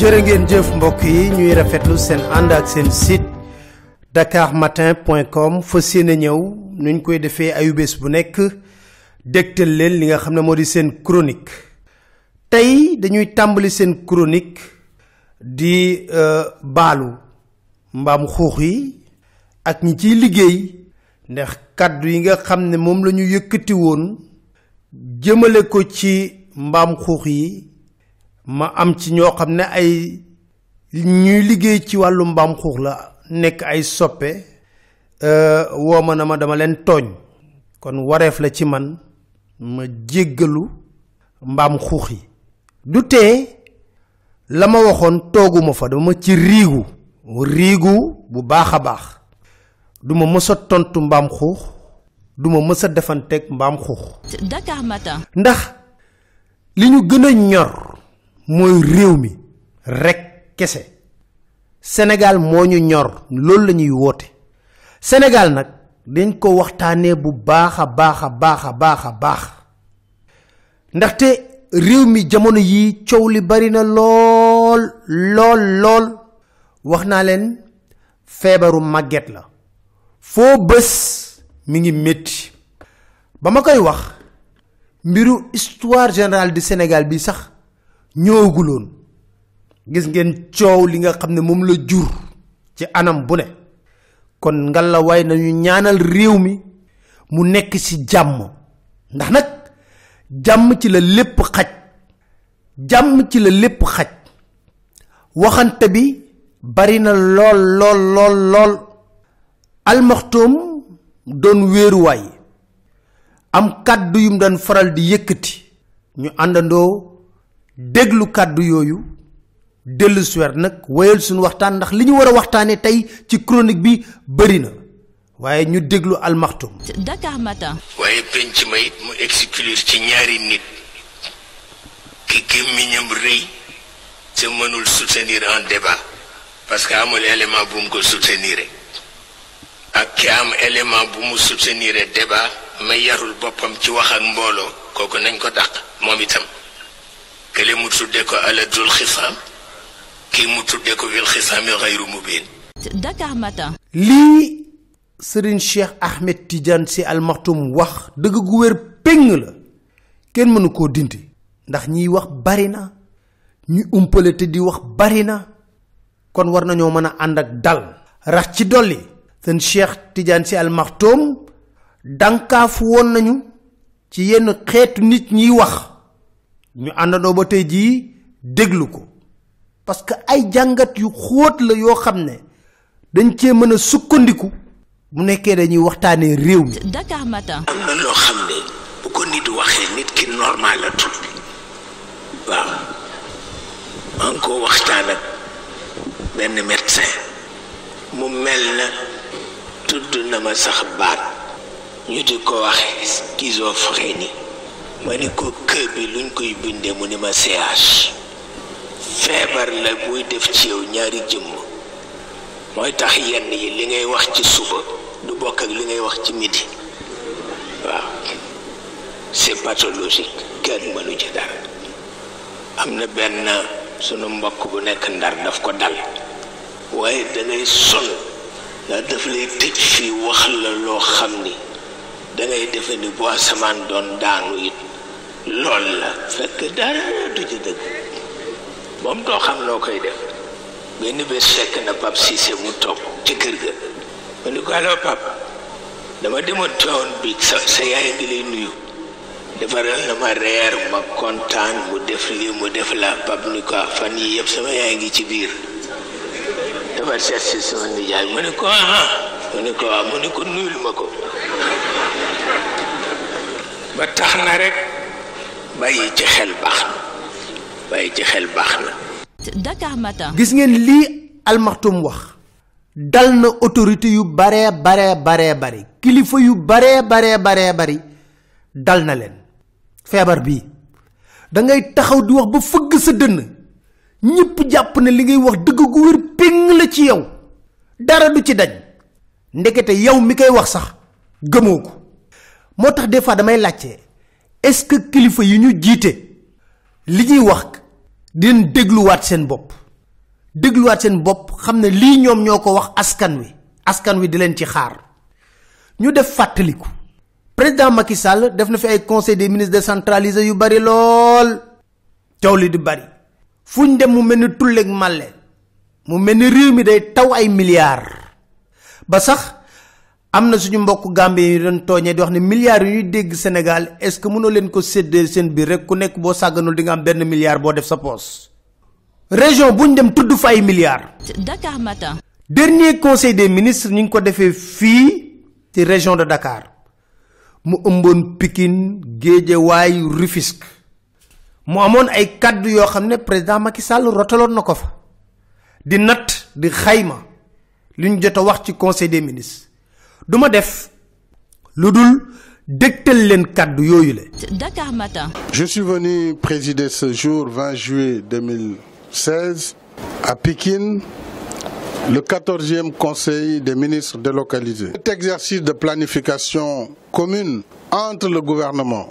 jërë jëf mbokk yi ñuy rafetlu seen ànd ak seen site dakarmatin.com fa yéene ñëw nuñ koy defee ayubés bu nekk dégtal leen li nga xam ne moo di seen chronique. tey dañuy tàmbali seen chronique di euh, baalu mbaam xuux yi ak ñi ciy liggéey. ndax kàddu yi nga xam ne moom la yëkkati woon jëmale ko ci mbaam xuux yi ma am ci ñoo xam ne ay ñuy liggéey ci wàllu mbaam xuux la nekk ay soppe euh, woo ma na ma dama leen tooñ kon wareef la ci man ma jéggalu mbaam xuux yi du tee la ma waxoon tooguma fa dama ci riigu riigu bu baax a baax duma mësa tontu mbaam xuux du ma mës a defanteeg mbaam xuux ndax li ñu gën ñor mooy réew mi rekk kese senegal moo ñu ñor loolu la ñuy woote senegal nag dañ ko waxtaanee bu baax a baax a baax a baax a baax ndaxte réew mi jamono yi coow li bari na lool lool lool wax naa leen feebaru màgget la foo bés mi ngi métti ba ma koy wax mbiru histoire générale di Sénégal bi sax ñooguloon gis ngeen coow li nga xamne mom la jur ci anam bu ne kon ngalla way nañu ñaanal réew mi mu nekk ci jàmm ndax nag jàmm ci la lépp xaj jàmm ci la lépp xaj waxante bi bari na lool lool lool lool almaxtoom doon wéeruwaay am kàddu yum daan faral di yëkkati ñu àndandoo déglu kàddu yooyu dellu suwer nag wéyal suñu waxtaan ndax li ñu war a waxtaanee tey ci chronique bi bëri na waaye ñu déglu almaxtum Dakar waaye penc ma mu exclure ci ñaari nit ki gémmiñam rëy te mënul soutenir un débat parce que amul élément bu mu ko soutenir ak ki am élément bu mu soutenir débat ma yarul boppam ci wax ak mbooloo kooku nañ ko dàq moom itam. kele mu tudde ko aladul khisam ki mu tudde ko wil khisam ghayru mubin Dakar Matin Li serigne cheikh ahmed tidiane ci al maktoum wax deug gu wer peng la ken mënu ko dindi ndax ñi wax bari na ñu te di wax bari na kon war nañu mën and ak dal rax ci doli seen cheikh tidiane ci al maktum dankaaf won nañu ci yenn nit ñi wax ñu àndandoo ba tey jii déglu ko parce que ay jàngat yu xóot la yoo xam ne dañ cee mën a sukkandiku mu nekkee dañuy waxtaanee réew mi. Dakar Matin. am na loo xam ne bu ko nit waxee nit ki normal la tudd waaw maa ngi ko waxtaan ak benn médecin mu mel na tudd na ma sax baat ñu di ko waxee schizophrénie. mani ko kë luñ koy bindé mu ni ma CH feebar la buy def ci yow ñaari jëm moy tax yenn yi li ngay wax ci suba du bok ak li ngay wax ci midi waaw c'est pathologique kenn mënu ci dara amna na benn sunu mbokk bu nekk ndar daf ko dal waaye da ngay son da daf lay tëj fii wax la loo xam ni da ngay defe ni doon daanu lool la fekk dara du ci dëgg moom doo xam noo koy def benn bés fekk na Pape Cissé mu toog ci kër ga ma ni ko allo Pape bi sa sa yaay mu def lii mu def la Pape ni ko ah, fan yëpp sama ngi ci biir dafa seet si sama mu ni ko ah, ah. mu ah, ma ko ba tax na rek bàyyi ci xel baax na bàyyi ci xel baax na. gis ngeen lii almaxtum wax. dal na autorité yu baree baree baree bari kilifa yu baree baree baree bari dal na leen. feebar bii da ngay taxaw di wax ba fëgg sa dënn ñëpp jàpp na li ngay wax dëgg gu wér péng la ci yow dara du ci daj ndekete yow mi koy wax sax gëmoo ko moo tax des fois damay laajte. est-ce que kilifa yi ñu jiite li ñuy wax dinañ dégluwaat seen bopp dégluwaat seen bopp xam ne lii ñoom ñoo ko wax askan wi askan wi di leen ci xaar ñu def fàttaliku président Macky Sall def na fi ay conseil des ministres décentralisé yu bari lool coow di bari fuñ dem mu mel ni tulleeg màlle mu mel ni réew mi day taw ay milliards ba sax amna suñu di milliards Sénégal est ce que mëno leen ko rek ku milliard région dem milliards. Dakar Matin. dernier conseil des ministres ñing ko défé fi ci région de Dakar mu umbon Pikine way Rufisque mu amone ay kàddu yo président Macky Sall rotaloon De fa di nat di xayma conseil des ministres. Dakar Matin. Je suis venu présider ce jour 20 juillet 2016 à Pékin le 14e Conseil des ministres délocalisés. Cet exercice de planification commune entre le gouvernement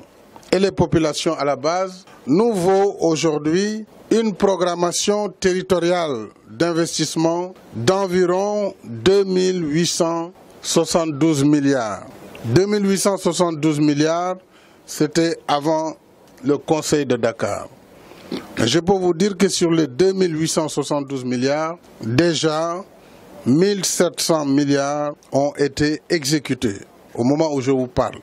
et les populations à la base nous vaut aujourd'hui une programmation territoriale d'investissement d'environ 2800 72 milliards. 2872 milliards, c'était avant le Conseil de Dakar. Je peux vous dire que sur les 2872 milliards, déjà 1700 milliards ont été exécutés au moment où je vous parle.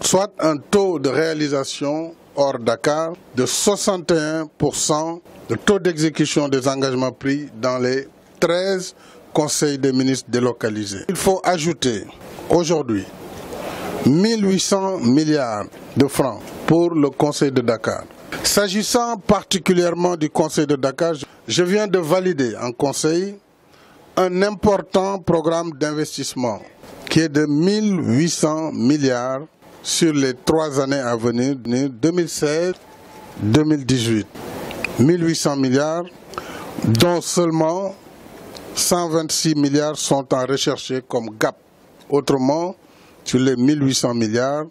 Soit un taux de réalisation hors Dakar de 61%, le taux d'exécution des engagements pris dans les 13 conseil des ministres délocalisés. Il faut ajouter aujourd'hui 1800 milliards de francs pour le conseil de Dakar. S'agissant particulièrement du conseil de Dakar, je viens de valider en conseil un important programme d'investissement qui est de 1800 milliards sur les trois années à venir, 2016-2018. 1800 milliards, dont seulement 126 milliards sont à rechercher comme gap. Autrement, sur les 1800 milliards,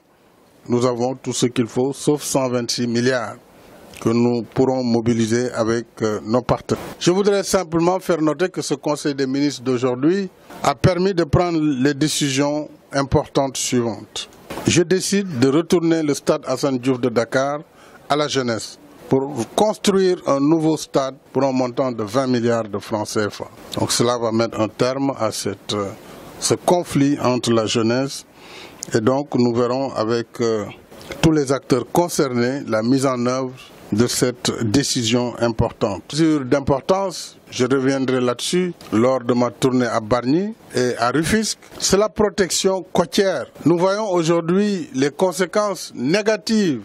nous avons tout ce qu'il faut, sauf 126 milliards que nous pourrons mobiliser avec euh, nos partenaires. Je voudrais simplement faire noter que ce Conseil des ministres d'aujourd'hui a permis de prendre les décisions importantes suivantes. Je décide de retourner le stade Hassan Diouf de Dakar à la jeunesse pour construire un nouveau stade pour un montant de 20 milliards de francs CFA. Donc cela va mettre un terme à cette, euh, ce conflit entre la jeunesse et donc nous verrons avec euh, tous les acteurs concernés la mise en œuvre de cette décision importante. Sur d'importance, je reviendrai là-dessus lors de ma tournée à Barny et à Rufisque, c'est la protection côtière. Nous voyons aujourd'hui les conséquences négatives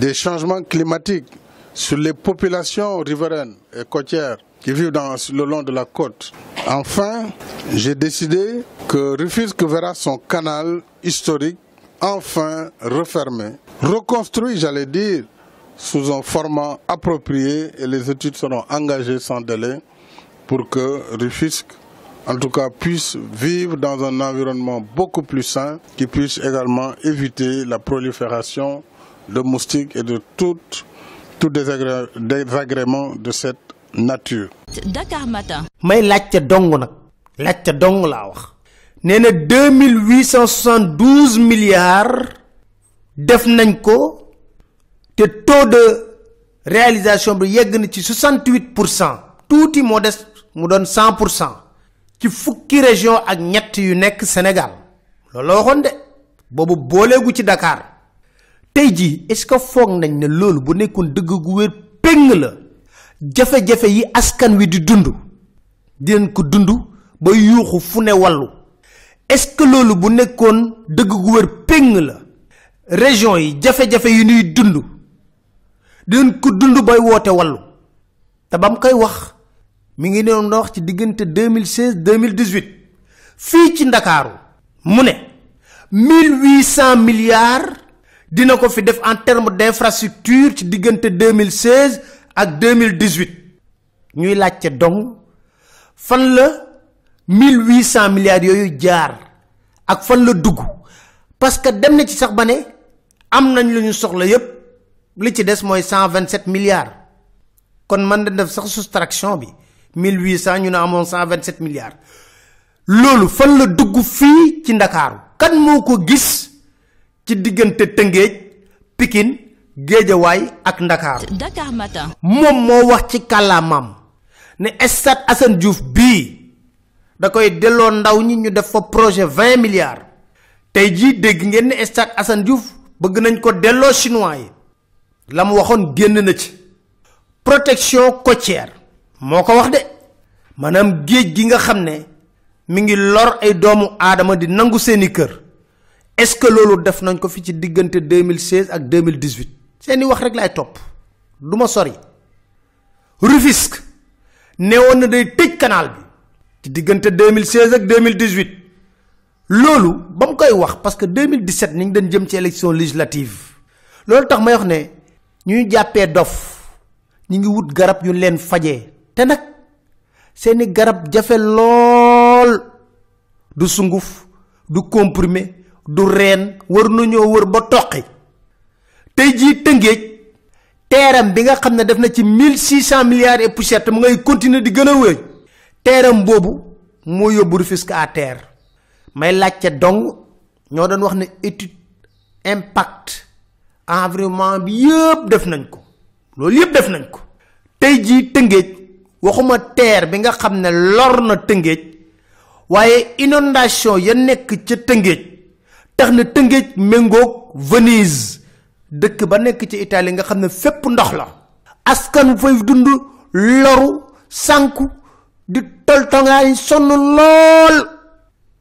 des changements climatiques sur les populations riveraines et côtières qui vivent dans, le long de la côte. Enfin, j'ai décidé que Rufisque verra son canal historique enfin refermé, reconstruit, j'allais dire, sous un format approprié et les études seront engagées sans délai pour que Rufisque, en tout cas, puisse vivre dans un environnement beaucoup plus sain, qui puisse également éviter la prolifération de moustiques et de toutes tout désagrément de cette nature. Dakar matin. Mais l'acte tu dongo nak. Là, tu dongo la wax. Néna 2872 milliards def Le taux de réalisation bi yegg na ci 68%. est modeste mu donne 100%. Ci fukki région ak ñett yu nekk Sénégal. Lolo waxon dé. Bobu bolé gu ci Dakar. tey jii est-ce que foog nañ ne loolu bu nekkoon dëgg gu wér péng la jafe-jafe yi askan wi di dund dinañ ko dund ba yuuxu fu ne wàllu est-ce que loolu bu nekkoon dëgg gu wér péng la région yi jafe-jafe yi nuy dund dinañ ko dund bay woote wàllu te ba mu koy wax mu ngi doon wax ci diggante 2016 2018 fii ci Ndakaaru mu ne 1800 milliards dina ko fi def en terme d'infrastructure ci diggante 2016 ak 2018 ñuy laajte dong fan la 1800 milliards de jaar ak fan la dugg parce que dem na ci sax bané nous am nañ lu ñu soxla yépp li ci des 127 milliards kon man def sax soustraction bi 1800 ñu na 127 milliards lolu fan la dugg fi ci Dakar kan moko gis ci digënté tëngéej pikin gédjaway ak dakar dakar matin mom mo wax ci ne estat assane diouf bi da koy delloo ndaw ñi ñu def fa projet 20 milliards tay ji dégg ngeen ne estat assane diouf bëgg nañ ko delloo chinois yi lam waxon génn na ci protection côtière moko wax dé manam gédj gi nga xamné mi ngi lor ay doomu adama di nangu seeni kër est-ce que lolu def nañ ko fi ci 2016 ak 2018 seeni wax rek lay top. du sori Rufisque ne woon na canal bi ci diggante 2016 ak 2018 lolu bam, koy wax parce que 2017 ni ñu doon jëm ci élection législative lolu tax may wax né ñuy jappé dof ñi ngi wut garab yu leen fajee té nak seeni garab jafé lol du sunguf du comprimé du reen war nañoo wër ba toqi tey jii tëngéej teeram bi nga xam ne def na ci mille six cent milliards et poussière mu ngay continuer di gën a wéy teeram boobu moo yóbbu Rufisque à terre may laajte dong ñoo doon wax ne étude impact environnement bi yëpp def nañ ko loolu yëpp def nañ ko tey jii tëngéej waxuma teer bi nga xam ne lor na tëngéej waaye inondation ya nekk ca tëngéej tax na Tëngéej méngoog Venise dëkk ba nekk ci Italie nga xam ne fépp ndox la askan fay dund loru sànku di toltongaay sonn lool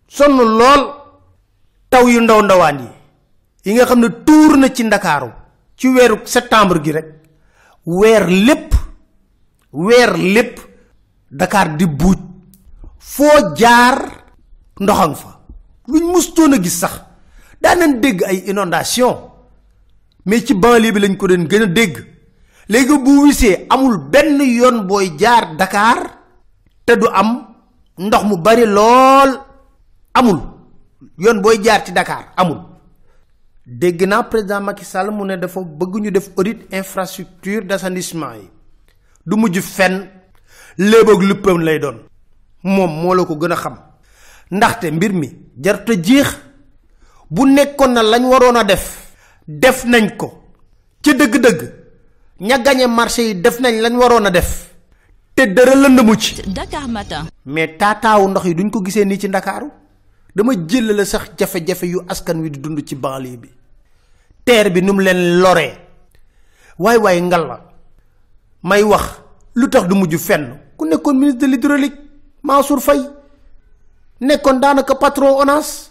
sonn lool taw yu ndaw ndawaan yi yi nga xam ne tuur na ci ndakaaru ci weeru septembre gi rekk weer lépp weer lépp Dakar di buuj foo jaar ndoxan fa luñ mustoon a gis sax y dégg ay inondation mais ci banlieue bi lañ ko a bu amul benn yoon booy jaar Dakar te du am ndox mu bari amul yoon booy jaar ci Dakar amul dégg président Macky Sall mu ne dafa bëgg def audit infrastructure d'assainissement du mujj fenn léeboog lay doon la a xam mbir mi bu nekkoon na lañ waroon a def def nañ ko ci dëgg-dëgg ña gagné marché yi def nañ lañ waroon def te dara lënd mu ci dakar matin mais taataawu ndox yi duñ ko gisee nii ci ndakaaru dama jël la sax jafe-jafe yu askan wi di dund ci banlieue bi terre bi num leen loree way way ngal la may wax lu tax du mujj fenn ku nekkoon ministre de l'hydraulique mansour fay nekkoon daanaka patron onas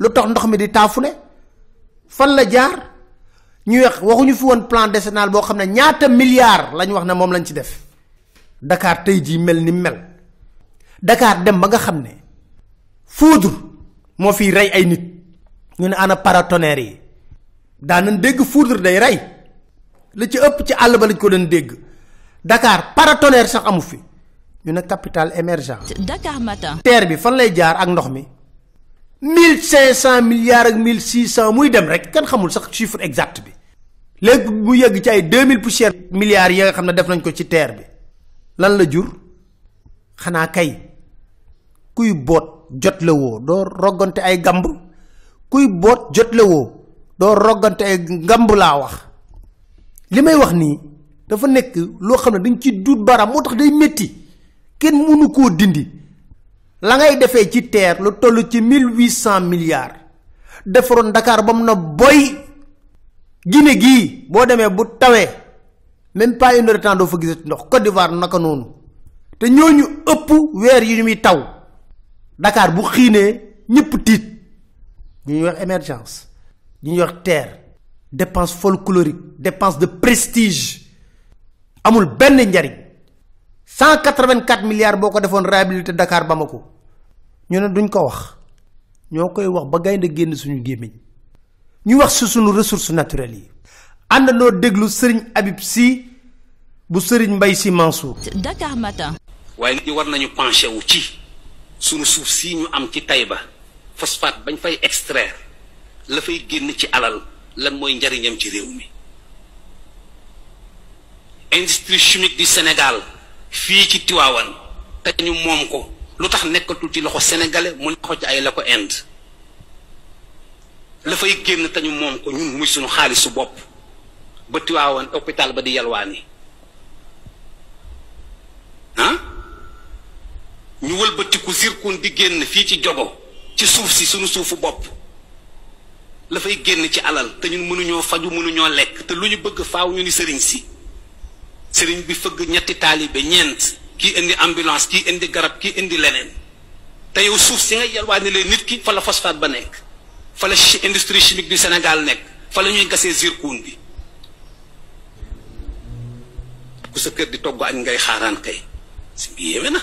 lu tax ndox mi di taafu ne fan la jaar ñu weex waxuñu fi woon plan décennal boo xam ne ñaata milliards lañ wax ne moom lañ ci def dakaar tey jii mel ni mel Dakar dem ba nga xam ne foudre moo fi rey ay nit ñu ne ana paratonnerre yi daanañ dégg foudre day rey li ci ëpp ci àll ba lañ ko doon dégg dakaar paratonnerre sax amu fi ñu ne capital émergente Dakar matin bi fan lay jaar ak ndox mi. 1500 milliards ak 1600 muy dem rek kan xamul sax chiffre exact bi léegi bu yegg ci ay 2000 poussière milliards ya nga xam def nañ ko ci terre bi lan la jur xana kay kuy bot jot la wo do rogonté ay gamb kuy bot jot la wo do rogonté ay gamb la wax limay wax ni dafa nek lo xam dañ ci duut baram motax day metti ken munu ko dindi la ngay defee ci terre lu toll ci milliards Dakar boy Guinée boo bu même pas une heure de temps doo fa ndox Côte d'Ivoire naka noonu te ñooñu ëpp weer yi ñu taw Dakar bu xiinee ñëpp tiit ñu émergence terre dépense folklorique dépense de prestige amul benn cent quatre-vingt-quatre milliards boo ko defoon réhabilité Dakar Bamako ñu ne duñ ko wax ñoo koy wax ba gaynde génn suñu gémmiñ ñu wax si suñu ressources naturelles yi àndandoo déglu sëriñ Habib Sy bu sëriñ mbay Sy Mansour Dakar Matin waaye nit ñi war nañu penché wu ci suñu suuf si ñu am ci ba phosphate bañ fay extraire la fay génn ci alal lan mooy njariñam ci réew mi industrie chimique du Sénégal fii ci Tiwaawan te ñu moom ko lu tax nekkatul ci loxo sénégalais mu nekk ko ci ay la ko Inde la fay génn te ñu moom ko ñun muy suñu xaalisu bopp ba Tiwaawan hôpital ba di yalwaani ah ñu wëlbatiku zirkon di génn fii ci jogo ci suuf si suñu suufu bopp la fay génn ci alal te ñun mënuñoo faju mënuñoo lekk te lu ñu bëgg faaw ñu ni sëriñ si sëriñ bi fëgg ñetti taalibe ñeent kii indi ambulance kii indi garab kii indi leneen te yow suuf si nga yalwaane leen nit ki fa la phosphate ba nekk fa la industrie chimique du Sénégal nekk fa la ñuy gasee zircon bi kër di togg añ ngay xaaraan kay si yéeme na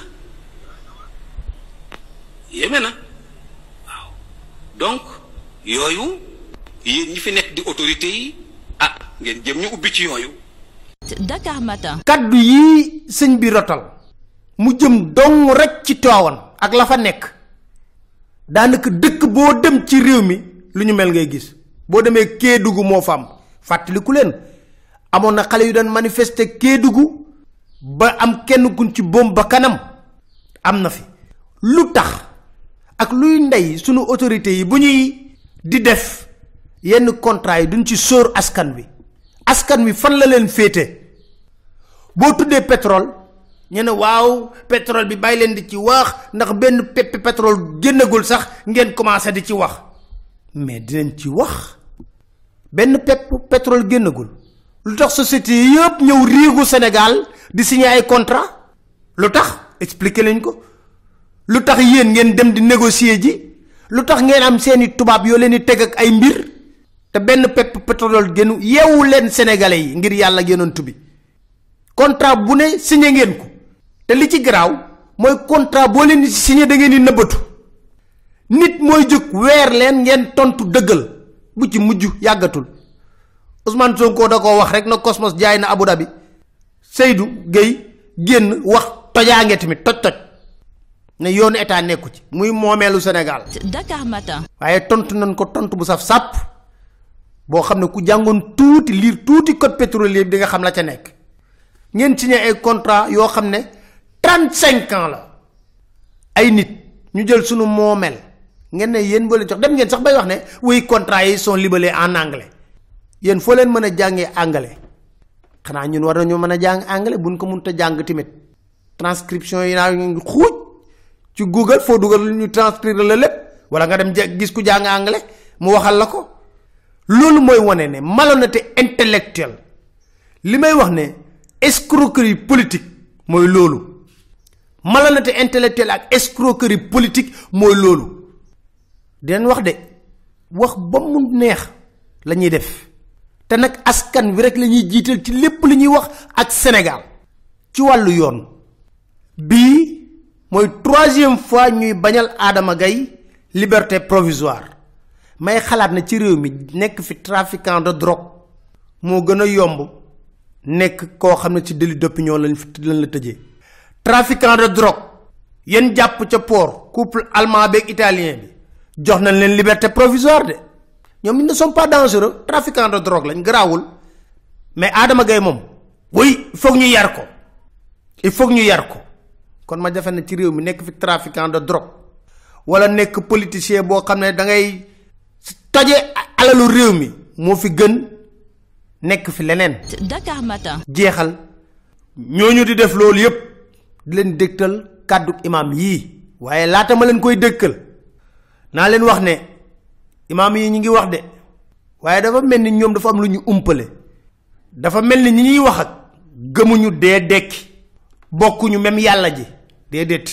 yéeme na waaw donc yooyu yéen ñi fi nekk di autorité yi ah ngeen jëm ñu ubbi ci yooyu Dakar Matin. Kaddu yi señ bi rotal mu jëm dong rek ci tawon ak la fa nek danaka dekk bo dem ci rew mi luñu mel ngay gis bo demé dugu mo fam fatalikou len amona xalé yu done manifester dugu ba am kenn kuñ ci bom ba kanam amna fi lutax ak luy ndey sunu autorité yi buñuy di def yenn contrat yi duñ ci sor askan wi askan wi fan la len fété bo tuddé pétrole ñé né waw pétrole bi bay leen di ci wax ndax benn pépp pétrole génnagul sax ngén commencé di ci wax mais dinañ ci wax benn pépp pétrole génnagul lu tax société yépp ñew rigu sénégal di signer ay contrat lutax expliquer ko lutax yeen ngén dem di négocier ji lutax ngén am seeni tubab yo leen di ak ay mbir te benn pépp pétrole génnu yeewu sénégalais yi ngir yalla génnoon tubi contrat bu ne signé ngeen ko te li ci graw moy contrat bo leen ci signé da ngeen ni neubatu nit moy juk weer leen ngeen tontu deugal bu ci muju yagatul Ousmane Sonko da ko wax rek na Cosmos jaay na Abu Dhabi Seydou Gueye génn wax tojaange tamit toj toj ne yoon état nekku ci muy moomelu Sénégal Dakar matin waaye tontu nañ ko tontu bu saf sap bo xam ku jàngoon touti lire touti code pétrolier bi di nga xam la ca nekk ngeen ci signé ay contrat yoo xam ne trente cinq ans la ay nit ñu jël sunu moomeel ngeen ne yéen boo leen jox dem ngeen sax bay wax ne oui contrat yi soo libalee en anglais yéen foo leen mën a jàngee anglais xanaa ñun war nañoo mën a jàng anglais buñ ko mënut a jàng tamit transcription yi naa xuuj ci Google foo dugal ñu transcrire la lépp wala nga dem gis ku jàng anglais mu waxal la ko loolu mooy wane ne malhonnêteté intellectuelle li may wax ne. escroquerie politique moy lolu malhonnêteté intellectuelle ak escroquerie politique moy lolu den wax de wax ba mu neex lañuy def té nak askan wi rek lañuy ñuy ci lepp li ñuy wax ak Sénégal ci walu yoon bii mooy troisième fois ñuy bañal Adama gay liberté provisoire may xalaat na ci réew mi nekk fi trafiquant de drogue mo gëna yomb nek ko xamne ci délit d'opinion lañ lañ la tëjee trafiquant de drogue y'en japp ci port couple allemand avec italien bi jox nañ leen liberté provisoire de ñom ils ne sont pas dangereux trafiquant de drogue lañ grawul mais Adama Gaye moom oui faut ñu yar ko il faut ñu yar ko kon ma jafé na ci réew mi nek fi trafiquant de drogue wala nek politicien bo xamne da ngay taje alalu réew mi mo fi gën nekk fi leneen. Dakar Matin. jeexal ñooñu di def loolu yépp di leen dégtal kàddu imaam yii waaye laata ma leen koy dégtal naa leen wax ne imaam yi ñu ngi wax de waaye dafa mel ni ñoom dafa am lu ñu umpale dafa mel ni ñi ñuy wax ak gëmuñu dee dekki bokkuñu même yàlla ji déedéet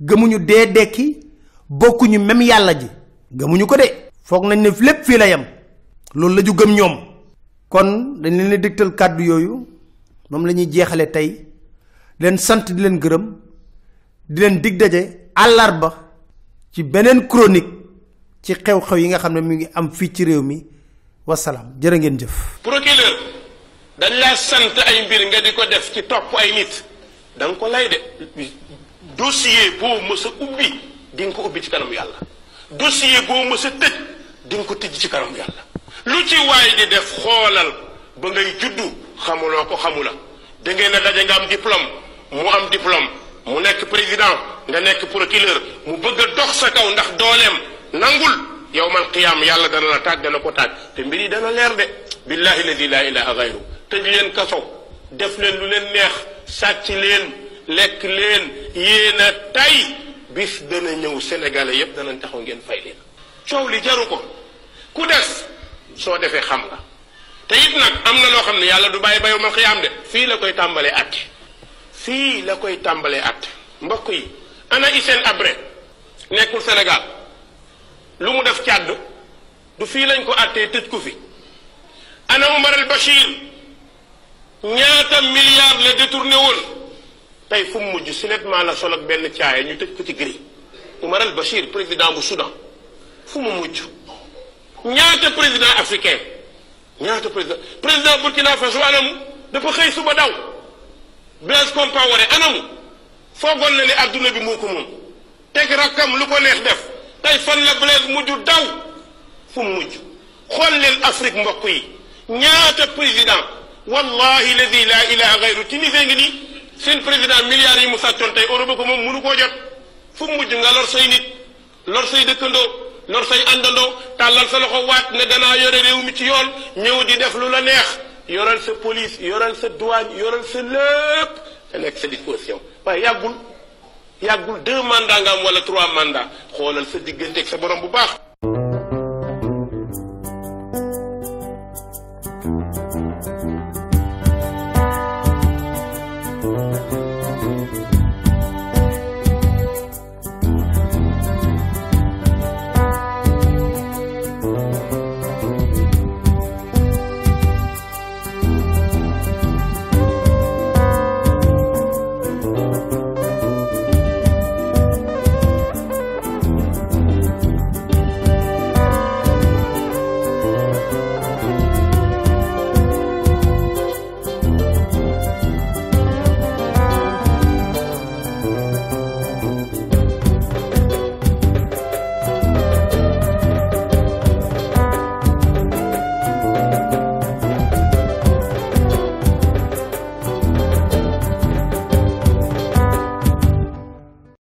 gëmuñu dee dekki bokkuñu même yàlla ji gëmuñu ko de. foog nañ ne lépp fii la yem loolu la ju gëm ñoom. kon dañ leen diktal kaddu yooyu moom la ñuy jeexale tey leen sant di leen gërëm di leen dig daje àllarba ci beneen chronique ci xew-xew yi nga xam ne mi ngi am fii ci réew mi wasalaam jërë ngeen jëf procureur dañ laa sant ay mbir nga di ko def ci topp ay nit da ko lay de dossier boo mës ubbi di nga ko ubbi ci kanam yàlla dossier boo mës tëj di nga ko tëj ci kanam yàlla lu ci waay di def xoolal ba ngay juddu xamuloo ko xamula da daje nga am diplôme mu am diplôme mu nekk président nga nekk procureur mu bëgg a dox sa kaw ndax dooleem nangul yowmal qiyaam yàlla dana la taaj dana ko taaj te mbir yi dana leer de billahi ladi laa ilaha gayru tëj leen kaso def leen lu leen neex sàcc leen lekk leen yéen a tay bis dana ñëw sénégalais yépp danañ taxaw ngeen fay leen coow li jaru ko ku des soo defee xam nga te it nag am na loo xam ne yàlla du bàyyi ba yowmal xiyaam de fii la koy tàmbalee at fii la koy tàmbalee at mbokk yi ana Hissène Habré nekkul Sénégal lu mu def càdd du fii lañ ko attee tëj ko fi ana Omar al Bachir ñaata milliard la détourné woon tey fu mu mujj siletment la sol ak benn caaya ñu tëj ko ci gri Omar al Bachir président bu Soudan fu mu mujj ñaata président africain ñaata président président Burkina Faso anamu dafa xëy suba daw Blaise Compaoré anamu foogoon la ne adduna bi moo ko moom teg rakkam lu ko neex def tey fan la Blaise mujj daw fu mu mujj xool leen Afrique mbokk yi ñaata président wallahi ladi laa ilaha gayru Tunisie ngi nii seen président milliards yi mu sàccoon tey Europe ko moom mënu koo jot fu mu mujj nga lor say nit lor say dëkkandoo lor say àndandoo tàllal sa loxo wat ne danaa yore réew mi ci yoon ñëw di def lu la neex yoral sa police yoral sa douane yoral sa lépp te nekk sa disposition waaye yàggul yàggul deux mandats nga am wala trois mandats xoolal sa digganteeg sa borom bu baax.